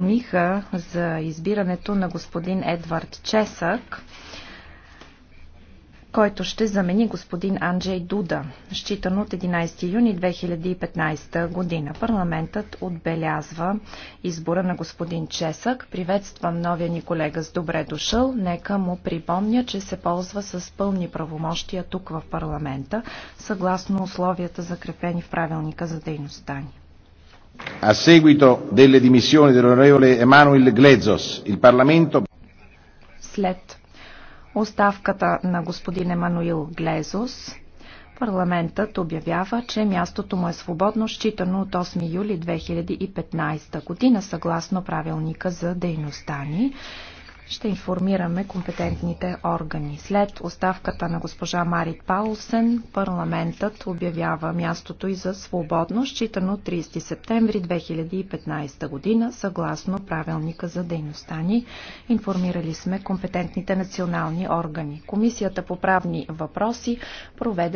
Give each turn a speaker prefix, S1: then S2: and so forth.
S1: Миха за избирането на господин Едвард Чесък, който ще замени господин Анджей Дуда, считан от 11 юни 2015 година. Парламентът отбелязва избора на господин Чесък. Приветствам новия ни колега с добре дошъл. Нека му припомня, че се ползва с пълни правомощия тук в парламента, съгласно условията закрепени в правилника за дейността ни.
S2: A seguito delle dimissioni dell'onorevole Emanuel Glezos, il Parlamento...
S1: След оставката на господин Емануил Глезос, парламентът обявява, че мястото му е свободно, считано от 8 юли 2015 година, съгласно правилника за дейността ни ще информираме компетентните органи. След оставката на госпожа Марит Паулсен, парламентът обявява мястото и за свободно, считано 30 септември 2015 година, съгласно правилника за дейността ни. Информирали сме компетентните национални органи. Комисията по правни въпроси проведе